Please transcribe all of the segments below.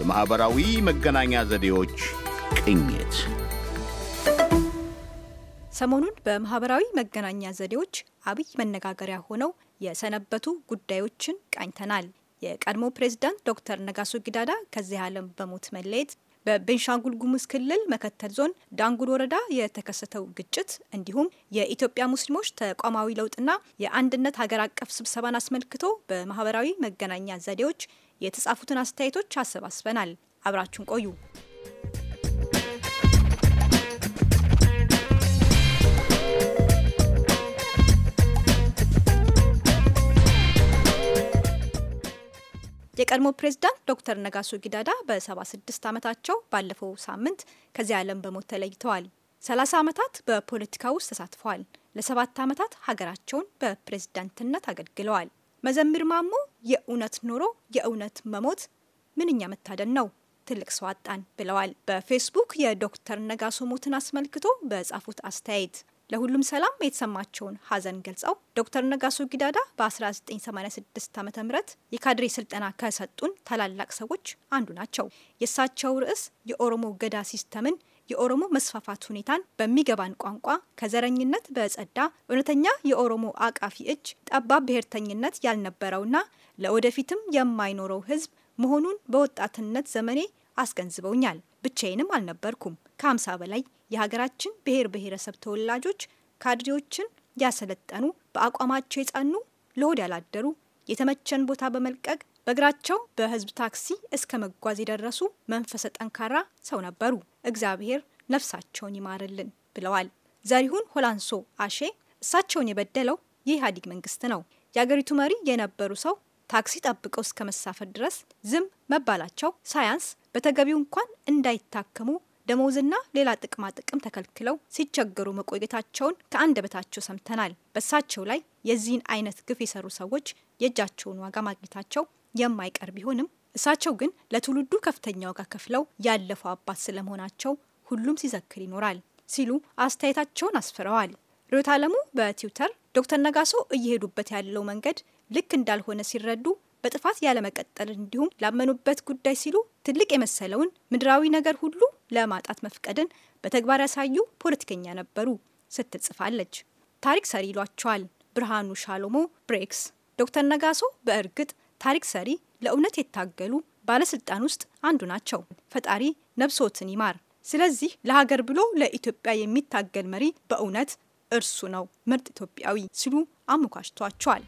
የማኅበራዊ መገናኛ ዘዴዎች ቅኝት ሰሞኑን በማኅበራዊ መገናኛ ዘዴዎች አብይ መነጋገሪያ ሆነው የሰነበቱ ጉዳዮችን ቃኝተናል። የቀድሞ ፕሬዝዳንት ዶክተር ነጋሶ ጊዳዳ ከዚህ ዓለም በሞት መለየት፣ በቤንሻንጉል ጉሙዝ ክልል መከተል ዞን ዳንጉል ወረዳ የተከሰተው ግጭት እንዲሁም የኢትዮጵያ ሙስሊሞች ተቋማዊ ለውጥና የአንድነት ሀገር አቀፍ ስብሰባን አስመልክቶ በማህበራዊ መገናኛ ዘዴዎች የተጻፉትን አስተያየቶች አሰባስበናል። አብራችሁን ቆዩ። የቀድሞ ፕሬዝዳንት ዶክተር ነጋሶ ጊዳዳ በ76 ዓመታቸው ባለፈው ሳምንት ከዚህ ዓለም በሞት ተለይተዋል። 30 ዓመታት በፖለቲካ ውስጥ ተሳትፈዋል። ለሰባት ዓመታት ሀገራቸውን በፕሬዝዳንትነት አገልግለዋል። መዘምር ማሞ የእውነት ኑሮ የእውነት መሞት ምንኛ መታደል ነው ትልቅ ሰው አጣን ብለዋል። በፌስቡክ የዶክተር ነጋሶ ሞትን አስመልክቶ በጻፉት አስተያየት ለሁሉም ሰላም የተሰማቸውን ሀዘን ገልጸው ዶክተር ነጋሶ ጊዳዳ በ1986 ዓ ም የካድሬ ስልጠና ከሰጡን ታላላቅ ሰዎች አንዱ ናቸው። የእሳቸው ርዕስ የኦሮሞ ገዳ ሲስተምን የኦሮሞ መስፋፋት ሁኔታን በሚገባን ቋንቋ ከዘረኝነት በጸዳ እውነተኛ የኦሮሞ አቃፊ እጅ ጠባብ ብሔርተኝነት ያልነበረውና ለወደፊትም የማይኖረው ህዝብ መሆኑን በወጣትነት ዘመኔ አስገንዝበውኛል። ብቻዬንም አልነበርኩም። ከአምሳ በላይ የሀገራችን ብሔር ብሔረሰብ ተወላጆች ካድሬዎችን ያሰለጠኑ፣ በአቋማቸው የጸኑ፣ ለሆድ ያላደሩ የተመቸን ቦታ በመልቀቅ በእግራቸው በህዝብ ታክሲ እስከ መጓዝ የደረሱ መንፈሰ ጠንካራ ሰው ነበሩ። እግዚአብሔር ነፍሳቸውን ይማርልን ብለዋል። ዘሪሁን ሆላንሶ አሼ እሳቸውን የበደለው የኢህአዴግ መንግስት ነው። የአገሪቱ መሪ የነበሩ ሰው ታክሲ ጠብቀው እስከ መሳፈር ድረስ ዝም መባላቸው ሳያንስ በተገቢው እንኳን እንዳይታከሙ ደሞዝና ሌላ ጥቅማ ጥቅም ተከልክለው ሲቸገሩ መቆየታቸውን ከአንደበታቸው ሰምተናል። በእሳቸው ላይ የዚህን አይነት ግፍ የሰሩ ሰዎች የእጃቸውን ዋጋ ማግኘታቸው የማይቀር ቢሆንም እሳቸው ግን ለትውልዱ ከፍተኛ ዋጋ ከፍለው ያለፈው አባት ስለመሆናቸው ሁሉም ሲዘክር ይኖራል ሲሉ አስተያየታቸውን አስፍረዋል። ርዕዮት አለሙ በትዊተር ዶክተር ነጋሶ እየሄዱበት ያለው መንገድ ልክ እንዳልሆነ ሲረዱ በጥፋት ያለመቀጠል እንዲሁም ላመኑበት ጉዳይ ሲሉ ትልቅ የመሰለውን ምድራዊ ነገር ሁሉ ለማጣት መፍቀድን በተግባር ያሳዩ ፖለቲከኛ ነበሩ ስትል ጽፋለች። ታሪክ ሰሪ ይሏቸዋል ብርሃኑ ሻሎሞ ብሬክስ። ዶክተር ነጋሶ በእርግጥ ታሪክ ሰሪ፣ ለእውነት የታገሉ ባለስልጣን ውስጥ አንዱ ናቸው። ፈጣሪ ነብሶትን ይማር። ስለዚህ ለሀገር ብሎ ለኢትዮጵያ የሚታገል መሪ በእውነት እርሱ ነው ምርጥ ኢትዮጵያዊ ሲሉ አሞካሽቷቸዋል።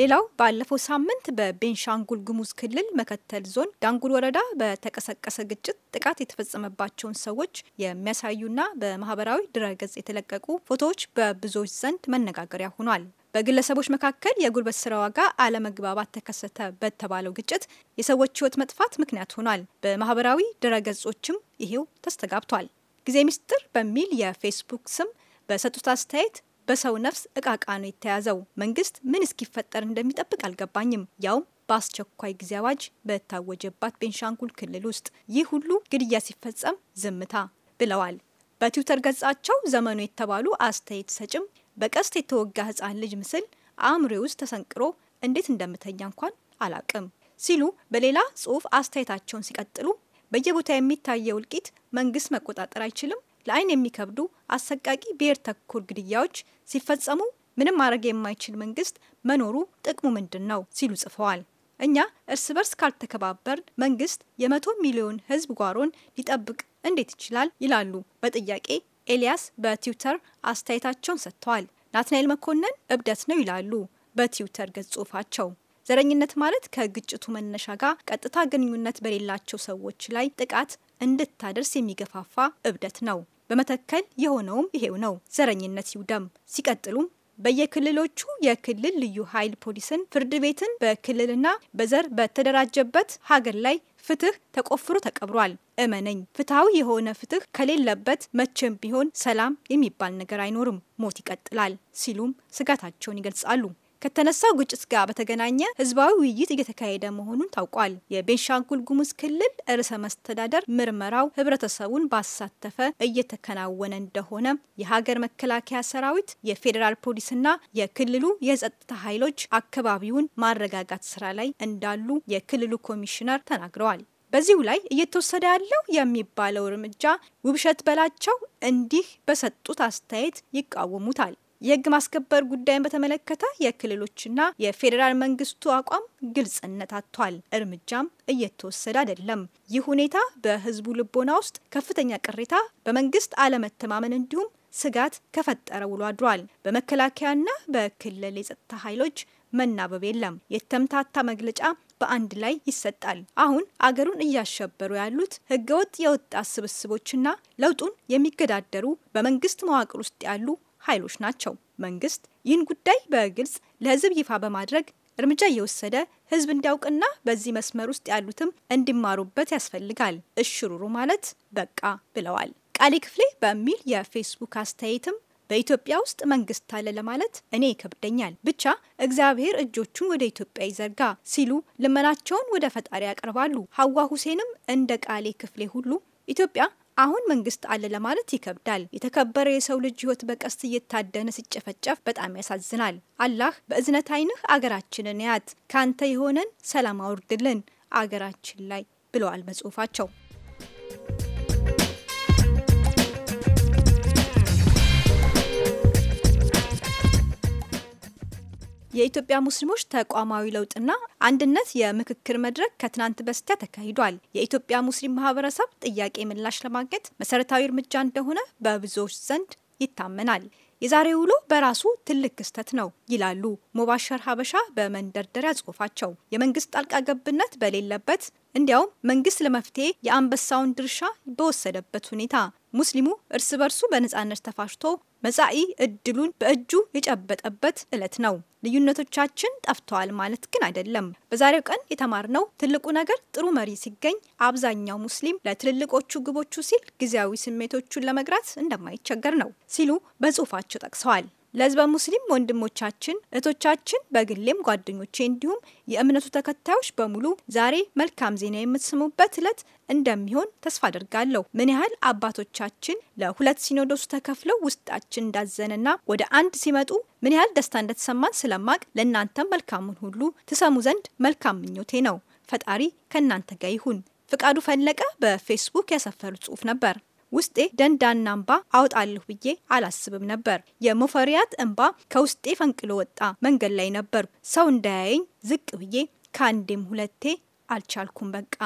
ሌላው ባለፈው ሳምንት በቤንሻንጉል ጉሙዝ ክልል መከተል ዞን ዳንጉል ወረዳ በተቀሰቀሰ ግጭት ጥቃት የተፈጸመባቸውን ሰዎች የሚያሳዩና በማህበራዊ ድረገጽ የተለቀቁ ፎቶዎች በብዙዎች ዘንድ መነጋገሪያ ሆኗል። በግለሰቦች መካከል የጉልበት ስራ ዋጋ አለመግባባት ተከሰተ በተባለው ግጭት የሰዎች ሕይወት መጥፋት ምክንያት ሆኗል። በማህበራዊ ድረገጾችም ይሄው ተስተጋብቷል። ጊዜ ሚስጥር በሚል የፌስቡክ ስም በሰጡት አስተያየት በሰው ነፍስ እቃቃ ነው የተያዘው። መንግስት ምን እስኪፈጠር እንደሚጠብቅ አልገባኝም። ያውም በአስቸኳይ ጊዜ አዋጅ በታወጀባት ቤንሻንጉል ክልል ውስጥ ይህ ሁሉ ግድያ ሲፈጸም ዝምታ ብለዋል። በትዊተር ገጻቸው ዘመኑ የተባሉ አስተያየት ሰጭም በቀስት የተወጋ ህፃን ልጅ ምስል አእምሬ ውስጥ ተሰንቅሮ እንዴት እንደምተኛ እንኳን አላቅም ሲሉ በሌላ ጽሁፍ አስተያየታቸውን ሲቀጥሉ በየቦታ የሚታየው እልቂት መንግስት መቆጣጠር አይችልም ለአይን የሚከብዱ አሰቃቂ ብሔር ተኮር ግድያዎች ሲፈጸሙ ምንም ማድረግ የማይችል መንግስት መኖሩ ጥቅሙ ምንድን ነው ሲሉ ጽፈዋል። እኛ እርስ በርስ ካልተከባበር መንግስት የመቶ ሚሊዮን ህዝብ ጓሮን ሊጠብቅ እንዴት ይችላል? ይላሉ በጥያቄ ኤልያስ በትዊተር አስተያየታቸውን ሰጥተዋል። ናትናኤል መኮንን እብደት ነው ይላሉ በትዊተር ገጽ ጽሁፋቸው። ዘረኝነት ማለት ከግጭቱ መነሻ ጋር ቀጥታ ግንኙነት በሌላቸው ሰዎች ላይ ጥቃት እንድታደርስ የሚገፋፋ እብደት ነው። በመተከል የሆነውም ይሄው ነው። ዘረኝነት ይውደም። ሲቀጥሉም በየክልሎቹ የክልል ልዩ ኃይል ፖሊስን፣ ፍርድ ቤትን በክልልና በዘር በተደራጀበት ሀገር ላይ ፍትህ ተቆፍሮ ተቀብሯል። እመነኝ፣ ፍትሐዊ የሆነ ፍትህ ከሌለበት መቼም ቢሆን ሰላም የሚባል ነገር አይኖርም። ሞት ይቀጥላል ሲሉም ስጋታቸውን ይገልጻሉ። ከተነሳው ግጭት ጋር በተገናኘ ህዝባዊ ውይይት እየተካሄደ መሆኑን ታውቋል። የቤንሻንጉል ጉሙዝ ክልል ርዕሰ መስተዳደር ምርመራው ህብረተሰቡን ባሳተፈ እየተከናወነ እንደሆነ የሀገር መከላከያ ሰራዊት፣ የፌዴራል ፖሊስና የክልሉ የጸጥታ ኃይሎች አካባቢውን ማረጋጋት ስራ ላይ እንዳሉ የክልሉ ኮሚሽነር ተናግረዋል። በዚሁ ላይ እየተወሰደ ያለው የሚባለው እርምጃ ውብሸት በላቸው እንዲህ በሰጡት አስተያየት ይቃወሙታል። የህግ ማስከበር ጉዳይን በተመለከተ የክልሎችና የፌዴራል መንግስቱ አቋም ግልጽነት አጥቷል። እርምጃም እየተወሰደ አይደለም። ይህ ሁኔታ በህዝቡ ልቦና ውስጥ ከፍተኛ ቅሬታ፣ በመንግስት አለመተማመን እንዲሁም ስጋት ከፈጠረ ውሎ አድሯል። በመከላከያና በክልል የጸጥታ ኃይሎች መናበብ የለም። የተምታታ መግለጫ በአንድ ላይ ይሰጣል። አሁን አገሩን እያሸበሩ ያሉት ህገወጥ የወጣት ስብስቦችና ለውጡን የሚገዳደሩ በመንግስት መዋቅር ውስጥ ያሉ ኃይሎች ናቸው። መንግስት ይህን ጉዳይ በግልጽ ለህዝብ ይፋ በማድረግ እርምጃ እየወሰደ ህዝብ እንዲያውቅና በዚህ መስመር ውስጥ ያሉትም እንዲማሩበት ያስፈልጋል። እሽሩሩ ማለት በቃ ብለዋል። ቃሌ ክፍሌ በሚል የፌስቡክ አስተያየትም በኢትዮጵያ ውስጥ መንግስት አለ ለማለት እኔ ይከብደኛል፣ ብቻ እግዚአብሔር እጆቹን ወደ ኢትዮጵያ ይዘርጋ ሲሉ ልመናቸውን ወደ ፈጣሪ ያቀርባሉ። ሀዋ ሁሴንም እንደ ቃሌ ክፍሌ ሁሉ ኢትዮጵያ አሁን መንግስት አለ ለማለት ይከብዳል። የተከበረ የሰው ልጅ ህይወት በቀስት እየታደነ ሲጨፈጨፍ በጣም ያሳዝናል። አላህ በእዝነት አይንህ አገራችንን ያት፣ ካንተ የሆነን ሰላም አውርድልን አገራችን ላይ ብለዋል በጽሁፋቸው። የኢትዮጵያ ሙስሊሞች ተቋማዊ ለውጥና አንድነት የምክክር መድረክ ከትናንት በስቲያ ተካሂዷል። የኢትዮጵያ ሙስሊም ማህበረሰብ ጥያቄ ምላሽ ለማግኘት መሰረታዊ እርምጃ እንደሆነ በብዙዎች ዘንድ ይታመናል። የዛሬ ውሎ በራሱ ትልቅ ክስተት ነው ይላሉ ሞባሸር ሀበሻ በመንደርደሪያ ጽሁፋቸው። የመንግስት ጣልቃ ገብነት በሌለበት እንዲያውም መንግስት ለመፍትሄ የአንበሳውን ድርሻ በወሰደበት ሁኔታ ሙስሊሙ እርስ በርሱ በነጻነት ተፋሽቶ መጻኢ እድሉን በእጁ የጨበጠበት ዕለት ነው። ልዩነቶቻችን ጠፍተዋል ማለት ግን አይደለም። በዛሬው ቀን የተማርነው ትልቁ ነገር ጥሩ መሪ ሲገኝ አብዛኛው ሙስሊም ለትልልቆቹ ግቦቹ ሲል ጊዜያዊ ስሜቶቹን ለመግራት እንደማይቸገር ነው ሲሉ በጽሁፋቸው ጠቅሰዋል። ለህዝበ ሙስሊም ወንድሞቻችን፣ እህቶቻችን፣ በግሌም ጓደኞቼ እንዲሁም የእምነቱ ተከታዮች በሙሉ ዛሬ መልካም ዜና የምትሰሙበት ዕለት እንደሚሆን ተስፋ አድርጋለሁ። ምን ያህል አባቶቻችን ለሁለት ሲኖዶሱ ተከፍለው ውስጣችን እንዳዘነና ወደ አንድ ሲመጡ ምን ያህል ደስታ እንደተሰማን ስለማቅ ለእናንተም መልካሙን ሁሉ ትሰሙ ዘንድ መልካም ምኞቴ ነው። ፈጣሪ ከእናንተ ጋር ይሁን። ፍቃዱ ፈለቀ በፌስቡክ ያሰፈሩ ጽሁፍ ነበር። ውስጤ ደንዳና እንባ አውጣለሁ ብዬ አላስብም ነበር። የሙፈሪያት እንባ ከውስጤ ፈንቅሎ ወጣ። መንገድ ላይ ነበር። ሰው እንዳያየኝ ዝቅ ብዬ ከአንዴም ሁለቴ አልቻልኩም በቃ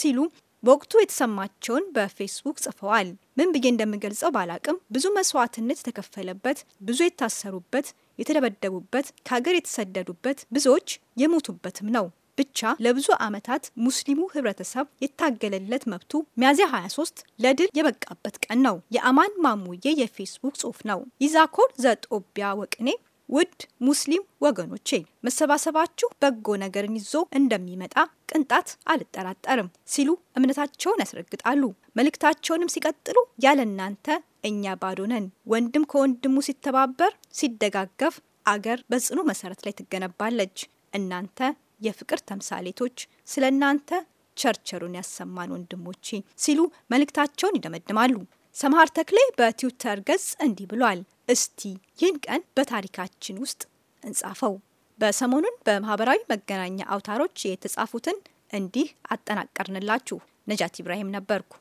ሲሉ በወቅቱ የተሰማቸውን በፌስቡክ ጽፈዋል። ምን ብዬ እንደምገልጸው ባላቅም ብዙ መስዋዕትነት የተከፈለበት፣ ብዙ የታሰሩበት፣ የተደበደቡበት፣ ከሀገር የተሰደዱበት፣ ብዙዎች የሞቱበትም ነው። ብቻ ለብዙ ዓመታት ሙስሊሙ ህብረተሰብ የታገለለት መብቱ ሚያዝያ 23 ለድል የበቃበት ቀን ነው። የአማን ማሙዬ የፌስቡክ ጽሁፍ ነው። ይዛኮር ዘጦቢያ ወቅኔ ውድ ሙስሊም ወገኖቼ መሰባሰባችሁ በጎ ነገርን ይዞ እንደሚመጣ ቅንጣት አልጠራጠርም ሲሉ እምነታቸውን ያስረግጣሉ። መልእክታቸውንም ሲቀጥሉ ያለ እናንተ እኛ ባዶ ነን፣ ወንድም ከወንድሙ ሲተባበር ሲደጋገፍ አገር በጽኑ መሰረት ላይ ትገነባለች። እናንተ የፍቅር ተምሳሌቶች ስለ እናንተ ቸርቸሩን ያሰማን ወንድሞቼ ሲሉ መልእክታቸውን ይደመድማሉ። ሰምሃር ተክሌ በትዊተር ገጽ እንዲህ ብሏል። እስቲ ይህን ቀን በታሪካችን ውስጥ እንጻፈው። በሰሞኑን በማህበራዊ መገናኛ አውታሮች የተጻፉትን እንዲህ አጠናቀርንላችሁ። ነጃት ኢብራሂም ነበርኩ።